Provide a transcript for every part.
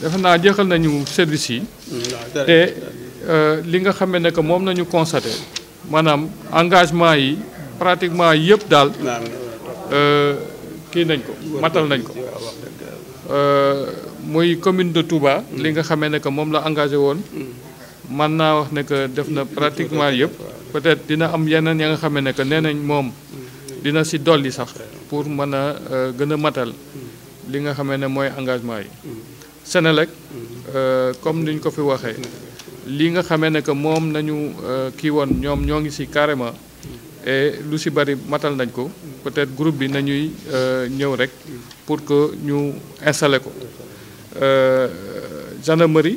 defe naa jeexal nañu service yi. Mm-hmm. te euh, li nga xamee ne que moom nañu constaté maanaam engagement yi pratiquement yëpp daal euh, kii nañ ko matal nañ ko euh, muy commune de Touba. Mm-hmm. li nga xamee ne que moom la engagé woon. man mm-hmm. naa wax ne que def na pratiquement yëpp peut-être dina am yeneen ya nga xamee ne que nee nañ moom dina si dolli sax pour mën a gën a matal li nga xamee ne mooy engagement yi. Senelec euh, comme niñ ko fi waxee li nga xamee ne que moom nañu euh, kii woon ñoom ñoo ngi si carrément et lu si bari matal nañ ko peut groupe bi nañuy euh, ñëw rek pour que ñu installé ko gendarmerie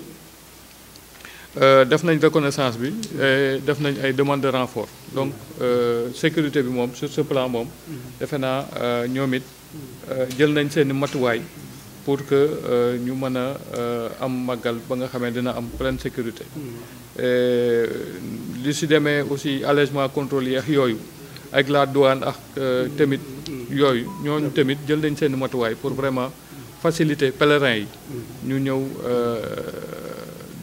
def nañ reconnaissance bi def nañ ay demande de renfort donc sécurité bi moom sur ce plan moom defe naa ñoom it jël nañ seeni matuwaay pour que euh, ñu mën a euh, am màggal ba nga xamee dina am pleine sécurité mm. li si demee aussi allègement contrôle yeex yooyu ak la douane ak euh, mm. tamit mm. yooyu ñooñu tamit jël nañ seen matuwaay pour vraiment facilité pèlerins yi ñu ñëw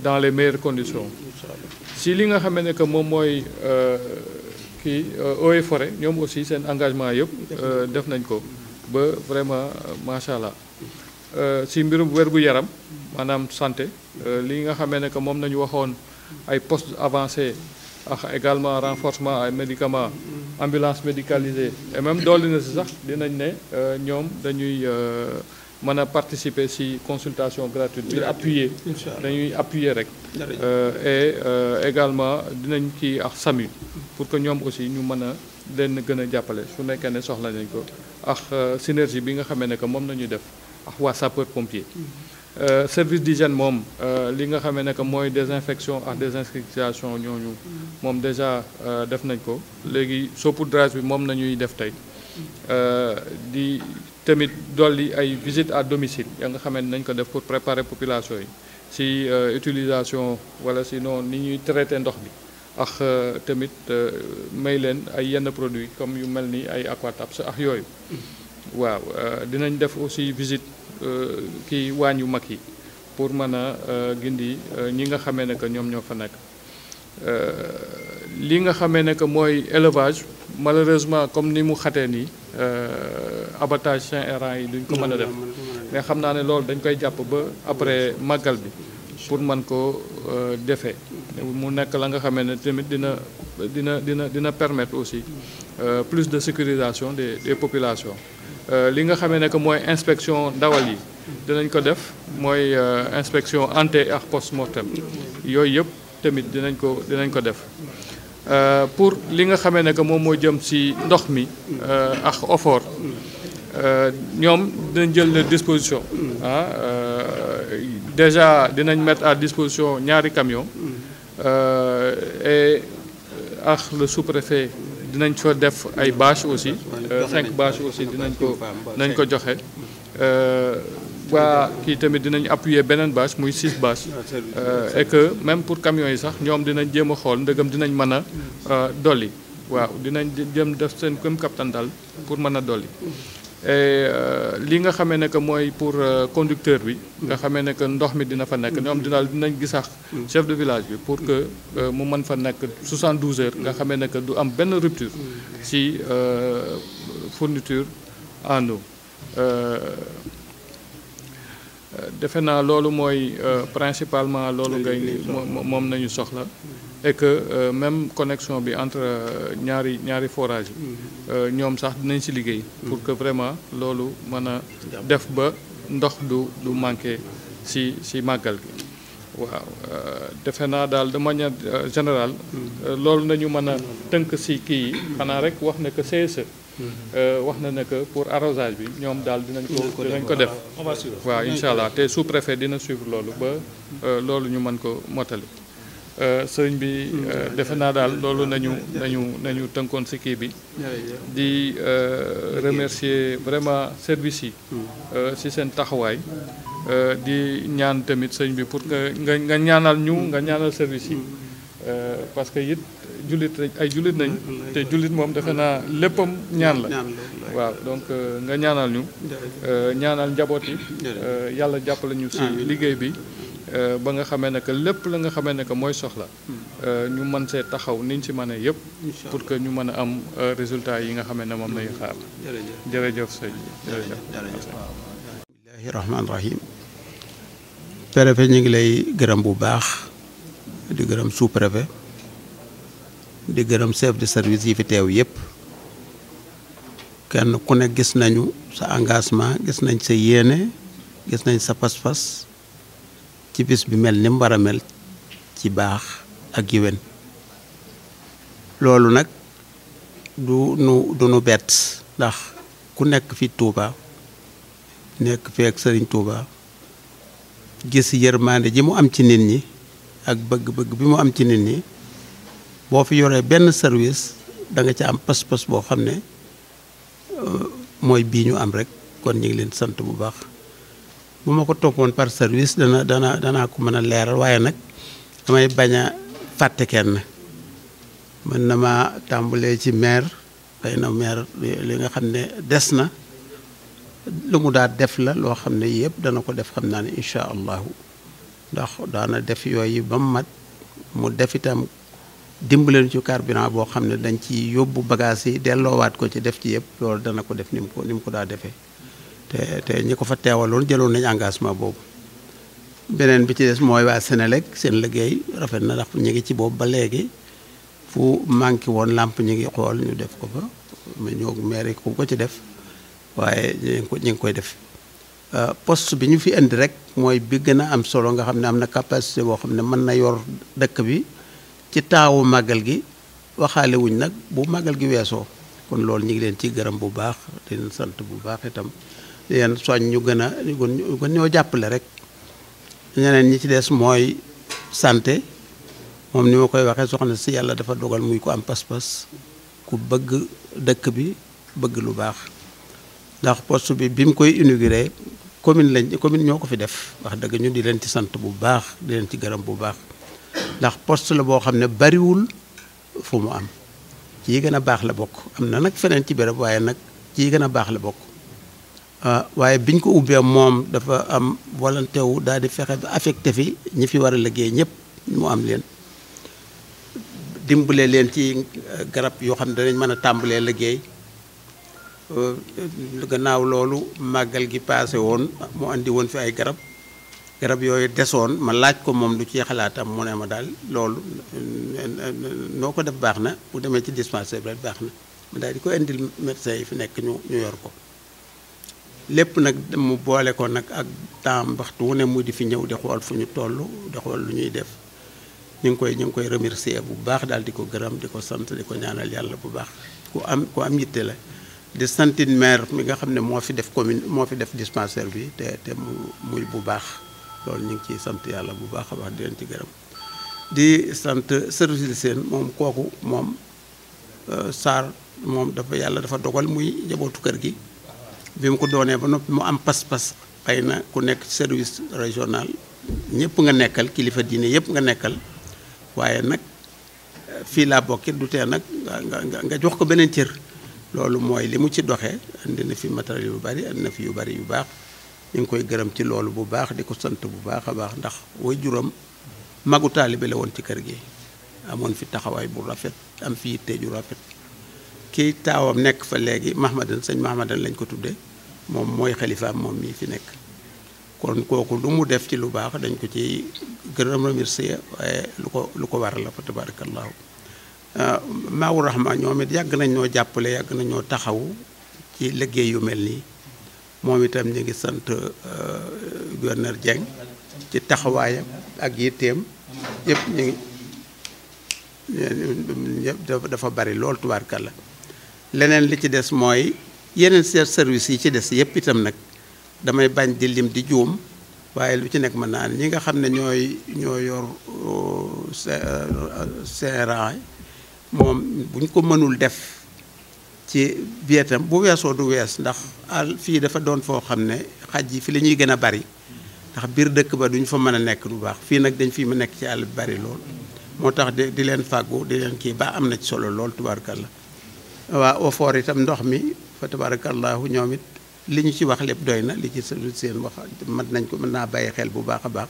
dans les meilleures conditions si li nga xamee ne que moom mooy kii eaux et forêt ñoom aussi seen engagement yëpp def nañ ko ba vraiment macha allah. si euh, mbirum wér-gu-yaram maanaam santé euh, li nga xame ne que moom nañu waxoon ay post avancé ak également renforcement ay médicament ambulance médicalisée et même dolli na si sax dinañ ne euh, ñoom dañuy mën a participer si consultation gratuite bi appuyer dañuy appuyer rek et également dinañ ci ak sami pour que ñoom aussi ñu mën a leen gën a jàppale su nekkee ne soxla nañ ko ak synergie bi nga xamee ne que moom nañu def ak waa sapeur pompier. service d'hygiène moom euh, li nga xamee ne que mooy désinfection ak désinsectisation ñooñu. moom déjà euh, def nañ ko léegi saupoudrage bi moom nañuy def tey. Euh, di tamit dolli ay visite à domicile ya nga xamee nañ ko def pour préparer population yi si utilisation wala sinon ni ñuy traité ndox bi. ak tamit may leen ay yenn produits comme yu mel ni ay aquatabs ak yooyu. waaw euh, dinañ def aussi visite euh, kii waañ yu mag yi pour mën a euh, gindi ñi nga xamee ne que ñoom ñoo fa nekk li nga xamee ne que mooy élevage malheureusement comme ni mu xatee nii abattage chien errant yi duñ ko mën a def mais xam naa ne loolu dañ koy jàpp ba après màggal bi pour mën ko defee mu nekk la nga xamee ne tamit dina dina dina dina permettre aussi plus de sécurisation des des populations Euh, li nga xamee ne que mooy inspection ndawal yi dinañ ko def mooy euh, inspection ante ak post mortem yooyu yëpp tamit dinañ ko dinañ ko def euh, pour li nga xamee ne que moom moo jëm si ndox mi ak OFOR ñoom dinañ jël disposition ah déjà dinañ mettre à disposition ñaari camion et ak le sous-préfet dinañ fa def ay bâche aussi Euh, cinq bâche aussi dinañ ko nañ ko joxe euh, waa kii tamit dinañ appuyer beneen bâche muy six bâche euh, et que même pour camions yi sax ñoom dinañ jéem a xool ndëgam dinañ mën a dolli waaw dinañ jëm def seen këm kaptan daal pour mën a dolli et euh, li nga xamee ne que mooy pour euh, conducteur bi. nga xamee ne que ndox mi dina fa nekk. ñoom dinaal dinañ gisax chef de village bi pour que euh, mu man fa nekk 72 heures. nga xamee ne que du am benn rupture. ci fourniture en defe naa loolu mooy principalement loolu ngay moom nañu soxla et euh, même connexion bi entre euh, ñaari ñaari forage yi euh, ñoom sax dinañ si liggéey pour que vraiment loolu mën a def ba ndox du du manqué ci ci màggal bi waaw defe naa daal de manière générale loolu nañu mën a tënk si kii yi xanaa rek wax na que CSE wax na na que pour arrosage bi ñoom daal dinañ ko ko def waa incha allah te sous-préfet dina suivre loolu ba loolu ñu mën ko mottali Euh, sëriñ bi euh, defe naa daal loolu nañu nañu nañu tënkoon si kii bi di euh, remercier vraiment service yi hmm. si seen taxawaay di ñaan tamit sëriñ bi pour que nga nga ñaanal ñu nga ñaanal service yi hmm. parce que it jullit ay jullit nañ hmm. te jullit moom defe naa léppam ñaan la waaw donc nga ñaanal ñu ñaanal njaboot yi yàlla jàppale ñu si liggéey bi Euh, ba nga xamee ne que lépp la nga xamee ne que mooy soxla euh, ñu mën see taxaw niñ ci mën a yëpp pour que ñu mën a am euh, résultat yi nga xamee ne moom lay xaar jërëjëf sëñ jërëjëf bismillahi rahmaan rahim préfet ñu ngi lay gërëm bu baax di gërëm sous préfet di gërëm chef de service yi fi teew yëpp kenn ku ne gis nañu sa engagement gis nañ sa yéene gis nañ sa pas ci bis bi mel ni mu mel ci baax ak yiwen loolu nag du nu du nu bett ndax ku nekk fi Touba nekk fi ak sëriñ Touba gis yërmande ji mu am ci nit ñi ak bëgg-bëgg bi mu am ci nit ñi boo fi yoree benn service danga nga ca am pas-pas boo xam ne euh, mooy bii ñu am rek kon ñu ngi leen sant bu baax bu ma ko toppoon par service dana dana danaa ko mën a leeral waaye nag damay bañ a fàtte kenn mën na ma tàmbalee ci maire xëy na maire li nga xam ne des na lu mu daa def la loo xam ne yëpp dana ko def xam naa ne incha allahu ndax daana def yooyu ba mu mat mu def itam dimbaleen ci carburant boo xam ne dañ ci yóbbu bagage yi delloowaat ko ci def ci yëpp loolu dana ko def ni mu ko ni mu ko daa defee te te ñi ko fa teewaloon jëloo nañ engagement boobu beneen bi ci des mooy waa Sénélec seen liggéey rafet na ndax ñu ngi ci boobu ba léegi fu manqué woon làmp ñu ngi xool ñu def ko fa ñoo maire ku ko ci def waaye ñu ngi koy def euh, poste bi ñu fi indi rek mooy bi gën a am solo nga xam ne am na capacité boo xam ne mën na yor dëkk bi ci taawu màggal gi waxaale wuñ nag bu màggal gi weesoo kon loolu ñu ngi leen ci gërëm bu baax di leen sant bu baax itam yéen soñ ñu gën a ñu gën ñoo jàppale rek ñeneen ñi ci des mooy santé moom ni ma koy waxee soxna si yàlla dafa dogal muy ko am pas-pas ku bëgg dëkk bi bëgg lu baax ndax post bi bi mu koy inauguré commune lañ commune ñoo ko fi def wax dëgg ñu di leen ci sant bu baax di leen ci gërëm bu baax ndax post la boo xam ne bariwul fu mu am ci yi gën a baax la bokk am na nag feneen ci béréb waaye nag ci gën a baax la bokk Ah, waaye biñ ko ubbee moom dafa am volonté wu daal di fexe ba affecté fi ñi fi war a liggéey ñépp mu am leen dimbale leen ci eh, garab yoo xam ne danañ mën a tàmbalee liggéey eh, gannaaw loolu màggal gi paase woon mu indi woon fi ay garab garab yooyu desoon ma laaj ko moom lu ci xalaatam mu ne ma daal loolu noo ko def baax na bu demee ci dispensaire baax na ma daal di ko indil médecin yi fi nekk ñu ñu yor ko lépp nag mu boole ko nag ak taam waxtu wu ne mu di fi ñëw di xool fu ñu tollu di xool lu ñuy def ñu ngi koy ñu ngi koy remercier bu baax daal di ko gërëm di ko sant di ko ñaanal yàlla bu baax ku am ku am yitte la di santin maire mi nga xam ne moo fi def commune moo fi def dispensaire bi te te mu muy bu baax loolu ñu ngi ciy sant yàlla bu baax a baax di leen ci gërëm di sant service de seen moom kooku moom euh, Sarr moom dafa yàlla dafa dogal muy njabootu kër gi bi mu ko doonee ba noppi mu am pas-pas pay na ku nekk service régional ñëpp nga nekkal kilifa diine yëpp nga nekkal waaye nag fii laa bokkit du tee nag nga nga jox ko beneen cër loolu mooy li mu ci doxee andi na fi matériel yu bari andi na fi yu bari yu baax ñu ngi koy gërëm ci loolu bu baax di ko sant bu baax a baax ndax way juróom magu taalibe la woon ci kër gi amoon fi taxawaay bu rafet am fi yitte ju rafet kii taawam nekk fa léegi Mahmadan sëñ Mahmadan lañ ko tuddee moom mooy xalifaam moom mii fi nekk kon kooku lu mu def ci lu baax dañ ko ci gën a remercier waaye lu ko lu ko war la fa tabarakallahu maawu rahma ñoom it yàgg nañ ñoo jàppale yàgg nañ ñoo taxaw ci liggéey yu mel nii moom itam ñu ngi sant gouverneur Dieng ci taxawaayam ak yitteem yëpp ñu ngi dafa bari lool tubaarkalla leneen li ci des mooy yeneen seer service yi ci des yëpp itam nag damay bañ di lim di juum waaye lu ci nekk mën naa ñi nga xam ne ñooy ñoo yor uh, uh, CRA moom buñ ko mënul def ci bietam bu weesoo du wees ndax al fii dafa doon foo xam ne xaj yi fi la ñuy gën a bari ndax biir dëkk ba duñ fa mën a nekk lu baax fii nag dañ fi mu nekk ci àll bi bari lool moo tax di di leen fàggu di leen kii baa am na ci solo lool tubaarkalla waa Ofoor itam ndox mi fa tabaarakallaahu ñoom it li ñu ci wax lépp doy na li ci seen wax mën nañ ko mën naa bàyyi xel bu baax a baax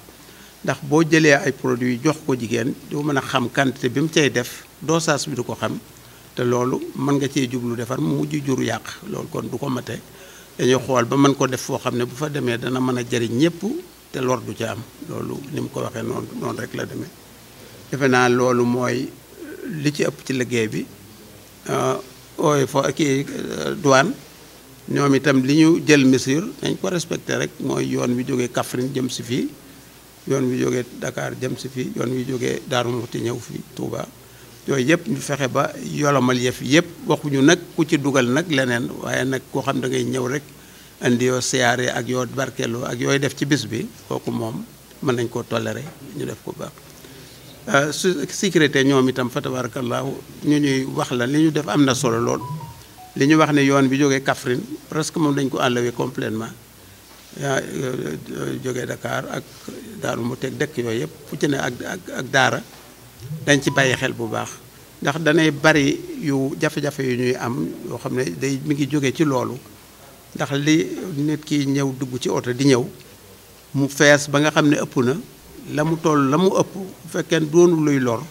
ndax boo jëlee ay produits jox ko jigéen doo mën a xam quantité bi mu cay def dosage bi du ko xam te loolu mën nga cee jublu defar mu mujj jur yàq loolu kon du ko mate dañuy xool ba mën ko def foo xam ne bu fa demee dana mën a jariñ ñëpp te lor du ca am loolu ni mu ko waxee noonu noonu rek la deme defe naa loolu mooy li ci ëpp ci liggéey bi euh, ooy fo kii euh, douane ñoom itam li ñu jël mesure dañ ko respecté rek mooy yoon wi jóge Kaffrine jëm si fii yoon wi jóge ndakaar jëm si fii yoon wi jógee Darou Mouhty ñëw fii Touba yooyu yëpp ñu fexe ba yolomal yëf yëpp waxuñu nag ku ci dugal nag leneen waaye nag koo xam dangay ñëw rek indi yoo siyaare ak yoo barkeeloo ak yooyu def ci bis bi kooku moom mën nañ koo toléré ñu def ko baax Euh, su sécurité ñoom itam fa tabarakallahu ñu ñuy wax la li ñu def am na solo lool li ñu wax ne yoon bi jógee Kaffrine presque moom dañ ko enlevé complètement yaa euh, euh, jógee ak daaru mu dëkk yooyu yëpp fu ci ak ak daara dañ ci bàyyi xel bu baax ndax danay bari yu jafe-jafe yu ñuy am yoo xam ne day mi ngi jógee ci loolu ndax li nit ki ñëw dugg ci oto di ñëw mu fees ba nga xam ne ëpp na la mu toll la mu ëpp bu fekkee doonu luy lor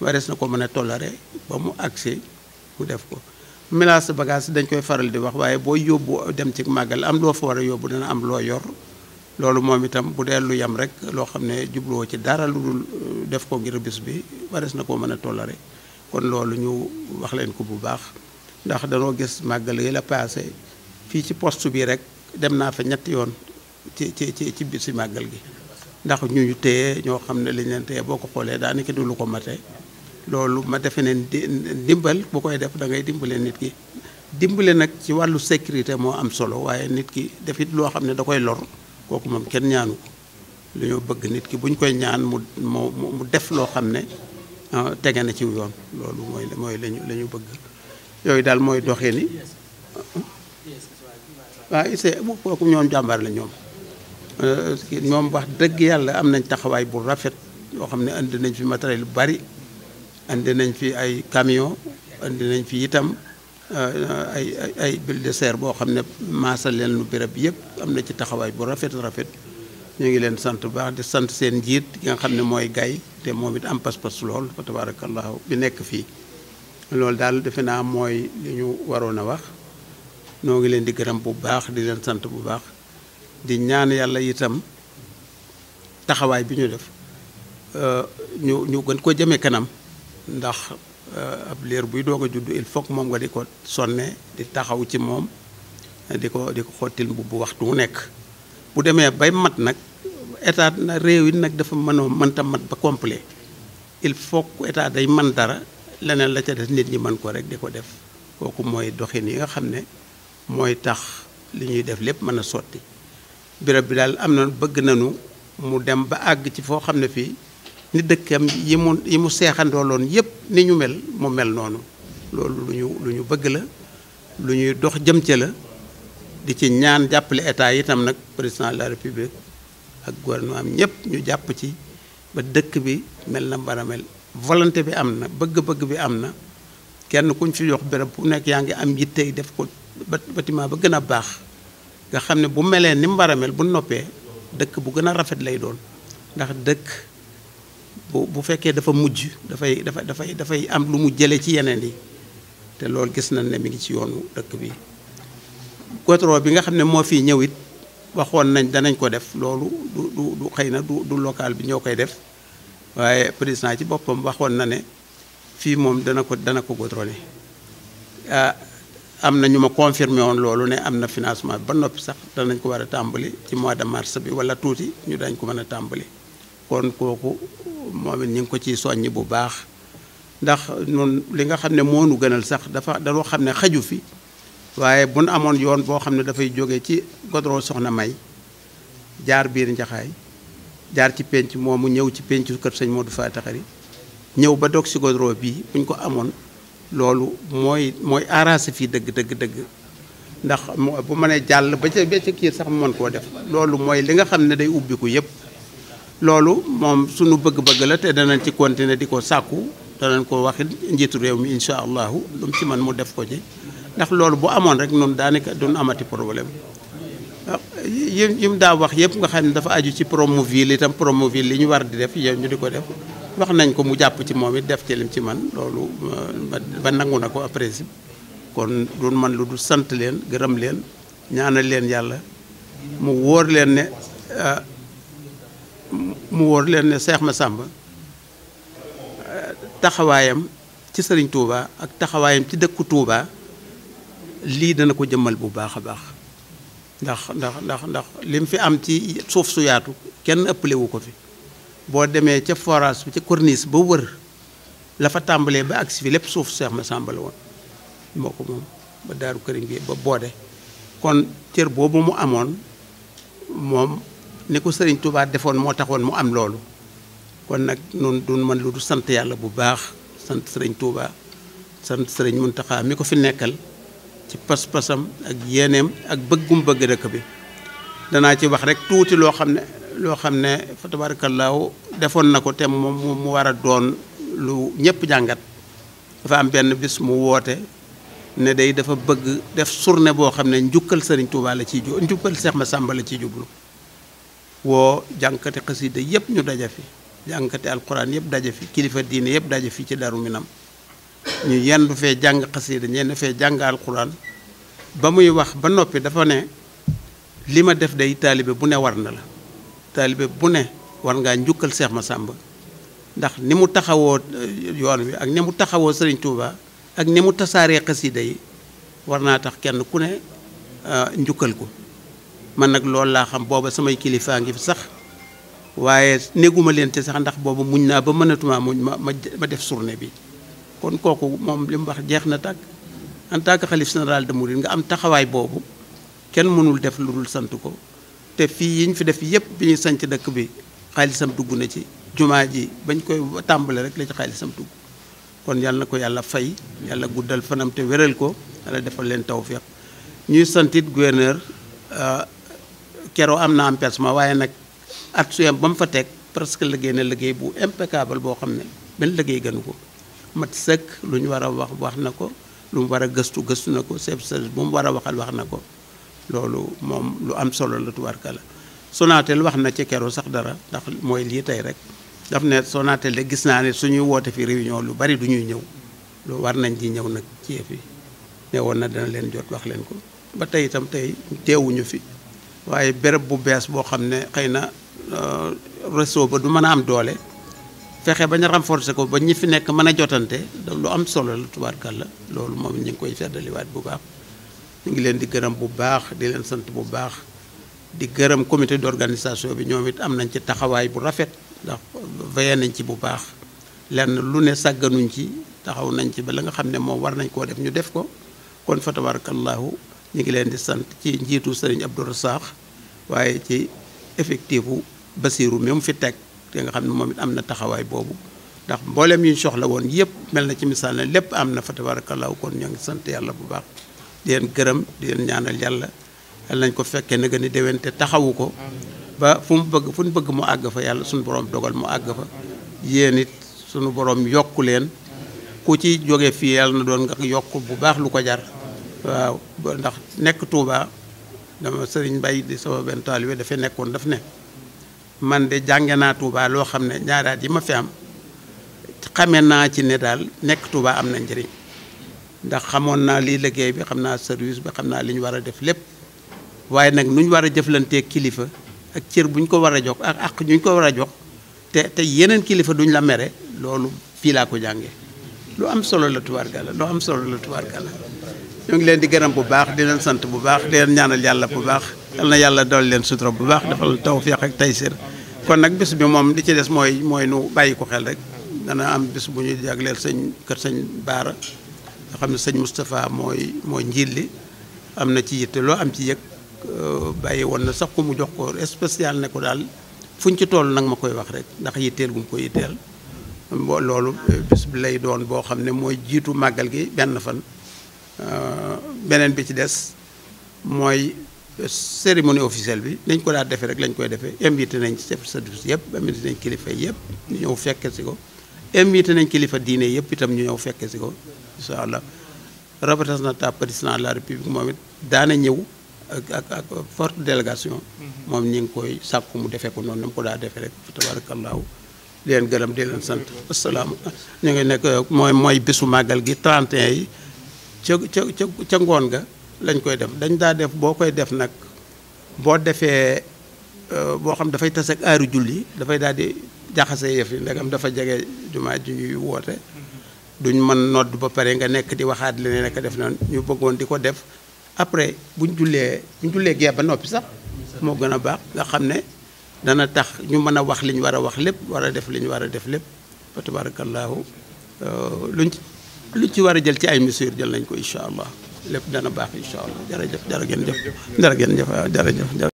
warees na ko mën a tollare ba mu accès mu def ko mélange bagage dañ koy faral di wax waaye booy yóbbu dem ci màggal am loo fa war a yóbbu dana am loo yor loolu moom itam bu dee lu yam rek loo xam ne jubluwoo ci dara lu dul euh, def ko ngir bis bi warees na ko mën a tollare kon loolu ñu wax leen ko bu baax ndax danoo gis màggal yi la passé fii ci poste bi rek dem naa fa ñetti yoon ci ci ci ci bisi màggal gi ndax ñu ñu téye ñoo xam ne liñ leen téye boo ko xoolee daanaka du lu ko mate loolu ma defe ne dimbal bu koy def da ngay dimbale nit ki dimbale nag ci wàllu sécurité moo am solo waaye nit ki def it loo xam ne da koy lor kooku moom kenn ñaanu ko bëgg nit ki bu ñu koy ñaan mu mu def loo xam ne tege na ci yoon loolu mooy mooy lañu bëgg yooyu daal mooy doxee ni waaw ise kooku ñoom jàmbaar la ñoom Euh, euh, moom wax dëgg yàlla am nañ taxawaay bu rafet yoo xam ne andi nañ fi matériel bu bari andi nañ fi ay camion andi nañ fi itam euh, ay ay ay bulldozer boo xam ne maasal leen lu béréb yëpp am na ci taxawaay bu rafet rafet ñu ngi leen sant bu baax di sant seen njiit ki xam ne mooy gay te moom it am pas-pas lool fa tabarakallahu bi nekk fii loolu daal defe naa mooy li ñu waroon a wax noo ngi leen di gërëm bu baax di leen sant bu baax di ñaan yàlla itam taxawaay bi ñu def euh, ñu ñu gën ko jëmee kanam ndax euh, ab liir buy doog a juddu il faut moom nga di ko sonne di taxaw ci moom di ko di ko xottil mbubb waxtu wu nekk bu demee bay mat nag état na réew yi nag dafa mënoo mënta mat ba complet il faut état day man dara leneen la ca def nit ñi mën ko rek di ko def kooku mooy doxin yi nga xam ne mooy tax li ñuy def lépp mën a sotti birab bi daal am na bëgg nañu mu dem ba àgg ci foo xam ne fii ni dëkkam yi mu yi mu seexandooloon ni ñu mel mu mel noonu loolu lu ñu lu ñu bëgg la lu ñuy dox jëm ca la di ci ñaan jàppale état itam nag président de la république ak gouvernement am ñëpp ñu jàpp ci ba dëkk bi mel na mbara mel volonté bi am na bëgg-bëgg bi am na kenn kuñ fi jox béréb bu nekk yaa ngi am yitte def ko bâtiment ba gën a baax nga xam ne bu melee ni mu war bu noppee dëkk bu gën a rafet lay doon ndax dëkk bu bu fekkee dafa mujj dafay dafa dafay dafay am lu mu jële ci yeneen yi te loolu gis nañ ne mi ngi ci yoonu dëkk bi goudron bi nga xam ne moo fii ñëw it waxoon nañ danañ ko def loolu du du xëy na du du local bi ñoo koy def waaye naa ci boppam waxoon na ne fii moom dana ko dana ko goudronné ah am na ñu ma confirmé woon loolu ne am na financement ba noppi sax danañ ko war a tàmbali ci mois de mars bi wala tuuti ñu dañ ko mën a tàmbali kon kooku moom it ñu ngi ko ci soññi bu baax ndax nun li nga xam ne moonu gënal sax dafa dañoo xam ne xaju fi waaye bu nu amoon yoon boo xam ne dafay jóge ci godoro soxna may jaar biir njaxaay jaar ci penc moomu ñëw ci penc kër sëñ Modou Fataxari ñëw ba dog si godoro bii buñ ko amoon loolu mooy mooy arrangé fii dëgg dëgg dëgg ndax moo bu mënee jàll ba ca ba kii sax mu mën koo def loolu mooy li nga xam ne day ubbiku yëpp loolu moom sunu bëgg-bëgg la te danañ ci continuer di ko sàkku danañ ko waxit njiitu réew mi incha allahu lu mu man mu def ko ci ndax loolu bu amoon rek noonu daanaka duñ amati problème ah, yi yi mu daa wax yëpp nga xam ne dafa aju ci Promoville itam Promoville li ñu war di def yow ñu di ko def wax nañ ko mu jàpp ci moom it def ci lim ci man loolu euh, ba nangu na ko après si kon doon man lu du sant leen gërëm leen ñaanal leen yàlla mu wóor leen ne euh, mu wóor leen ne Seex Masàmba euh, taxawaayam ci sëriñ tuubaa ak taxawaayam ci dëkku tuubaa lii dana ko jëmmal bu baax a baax ndax ndax ndax ndax lim fi am ci suuf su yaatu kenn ëpplewu ko fi boo demee ca forage bi ca corniche ba wër la fa tàmbalee ba agsi bi lépp suuf Seex Masàmba la woon moo ko moom ba daaru këriñ bi ba boode kon cër boobu mu amoon moom ni ko sëriñ Touba defoon moo taxoon mu am loolu kon nag nun dun mën lu du sant yàlla bu baax sant sëriñ Touba sant sëriñ Muntaxa mi ko fi nekkal ci pas-pasam ak yéeneem ak bëggum bëgg dëkk bi danaa ci wax rek tuuti loo xam ne loo xam ne fa tabaarakallaahu defoon na ko te moom mu war a doon lu ñëpp jàngat dafa am benn bis mu woote ne day dafa bëgg def surne boo xam ne njukkal sëriñ Touba ci ciy jub njukkal Seex la ciy jublu woo jànkati xasida yëpp ñu daja fi jànkati alquran yëpp daja fi kilifa diine yëpp daja fi ci daru minam ñu yendu fee jàng xasida ñenn fee jàng alquran ba muy wax ba noppi dafa ne li ma def day taalibe bu ne war na la taalibe bu ne war ngaa njukkal Seex ma sàmb ndax ni mu taxawoo eh, yoon wi ak ni mu taxawoo Sëriñ Tuuba ak ni mu tasaaree xasida yi war naa tax kenn ku ne eh, njukkal ko man nag loolu laa xam booba samay kilifaa ngi fi sax waaye néguma leen ci sax ndax boobu muñ naa ba mënatumaa muñ ma ma def surne bi kon kooku moom li mu wax jeex na takk en tant que xalif général de Mouride nga am taxawaay boobu kenn mënul def lu dul sant ko te fii yi ñu fi def yëpp bi ñuy sanc dëkk bi xaalisam dugg na ci jumaa ji bañ koy tàmbale rek la ci xaalisam dugg kon yàlla na ko yàlla fay yàlla guddal fanam te wéral ko yàlla defal leen tawféex ñuy santit gouverneur euh, keroo am na empêchement waaye nag at suyam ba mu fa teg presque liggéey na liggéey bu impeccable boo xam ne benn liggéey gënu ko mat sëkk lu ñu war a wax wax na ko lu mu war a gëstu gëstu na ko chef service bu mu war a waxal wax na ko loolu moom lu am solo la tubaarkala sonaateel wax na ci keroog sax dara ndax mooy lii tey rek daf ne Sonatel de gis naa ne suñuy woote fi réunion lu bari du ñuy ñëw lu war nañ di ñëw nag ci fi ne woon na dana leen jot wax leen ko ba tey itam tey teewuñu fi waaye béréb bu bees boo xam ne xëy na euh, réseau ba du mën a am doole fexe ba ñu renforcer ko ba ñi fi nekk mën a jotante lu am solo la tubaarkàlla loolu moom ñu koy seddaliwaat bu baax ñu ngi leen di gërëm bu baax di leen sant bu baax di gërëm comité d'organisation bi ñoom it am nañ ci taxawaay bu rafet ndax veillé nañ ci bu baax lenn lu ne sàgganuñ ci taxaw nañ ci ba la nga xam ne moom war nañ koo def ñu def ko kon fa tabarakallahu ñu ngi leen di sant ci njiitu sëriñ Abdou Rassakh waaye ci effectif bu Basiru mi mu fi teg te nga xam ne moom it am na taxawaay boobu ndax mboolem yu soxla woon yëpp mel na ci misaal ne lépp am na fa tabarakallahu kon ñoo ngi sant yàlla bu baax di leen gërëm di leen ñaanal yàlla yal nañ ko fekkee na gën a déwén te taxawu ko ba fu mu bëgg fu ñu bëgg mu àgg fa yàlla suñu boroom dogal mu àgg fa yéen it suñu borom yokku leen ku ci jóge fii yàlla na doon nga yokk bu baax lu ko jar waaw ndax nekk Touba dama sëriñ Mbaye di sama benn taalibe dafay nekkoon daf ne man de jànge naa tuubaa loo xam ne ñaaraat yi ma fi am xame naa ci ne daal nekk Touba am na njariñ ndax xamoon naa lii liggéey bi xam naa service bi xam naa li ñu war a def lépp waaye nag nu ñu war a jëflantee kilifa ak cër bu ñu ko war a jox ak ak ñu ko war a jox te te yeneen kilifa duñ la mere loolu fii laa ko jànge lu am solo la tubaarkàlla lu am solo la tubaarkàlla ñoo ngi leen di gërëm bu baax di leen sant bu baax di leen ñaanal yàlla bu baax yal na yàlla dool leen sutura bu baax taw tawfiq ak taysir kon nag bis bi moom li ci des mooy mooy nu bàyyi ko xel rek am bis bu ñu jagleel sëñ kër sëñ baara nga xam ne sañ Moustapha mooy mooy njiit li am na ci yitte loo am ci yëg euh, bàyyi woon na sax ku mu jox ko spécial ne ko daal fu ñu ci tool nag ma koy wax rek ndax yitteel gu mu ko yitteel loolu euh, bis bi lay doon boo xam ne mooy jiitu màggal gi benn fan euh, beneen bi ci des mooy cérémonie officielle bi nañ ko daal defee rek lañ koy defee invité nañ ci chef de service yëpp invité nañ kilifa yëpp ñu ñëw fekke si ko invité nañ kilifa diine yëpp itam ñu ñëw fekke si ko incha allah représentant à président de la république moom it daana ñëw ak ak ak forte délégation. Mm-hmm. moom ñu ngi koy sàkku mu defee ko noonu na mu ko daa defee rek fa tabaarakallaahu di leen gërëm di leen sant mm-hmm. asalaam ñu ngi nekk mooy mooy bésu màggal gi 31 yi ca ca ca ngoon ga lañ koy def dañ daa def boo koy def nag boo defee euh, boo xam dafay tase ak aaru julli dafay daal di jaxase yëf yi ndegam dafa jege jumaa ji ñuy woote. duñ mën nodd ba pare nga nekk di waxaat leneen ak def noonu ñu bëggoon di ko def après buñ jullee buñ jullee gee ba noppi sax moo gën a baax nga xam ne dana tax ñu mën a wax li ñu war a wax lépp war a def li ñu war a def lépp fa tabaarakallaahu euh, luñ luñ ci war a jël ci ay mesures jël nañ ko incha allah lépp dana baax incha allah jërëjëf jërë ngeen jëf jërë ngeen jëf jërëjëf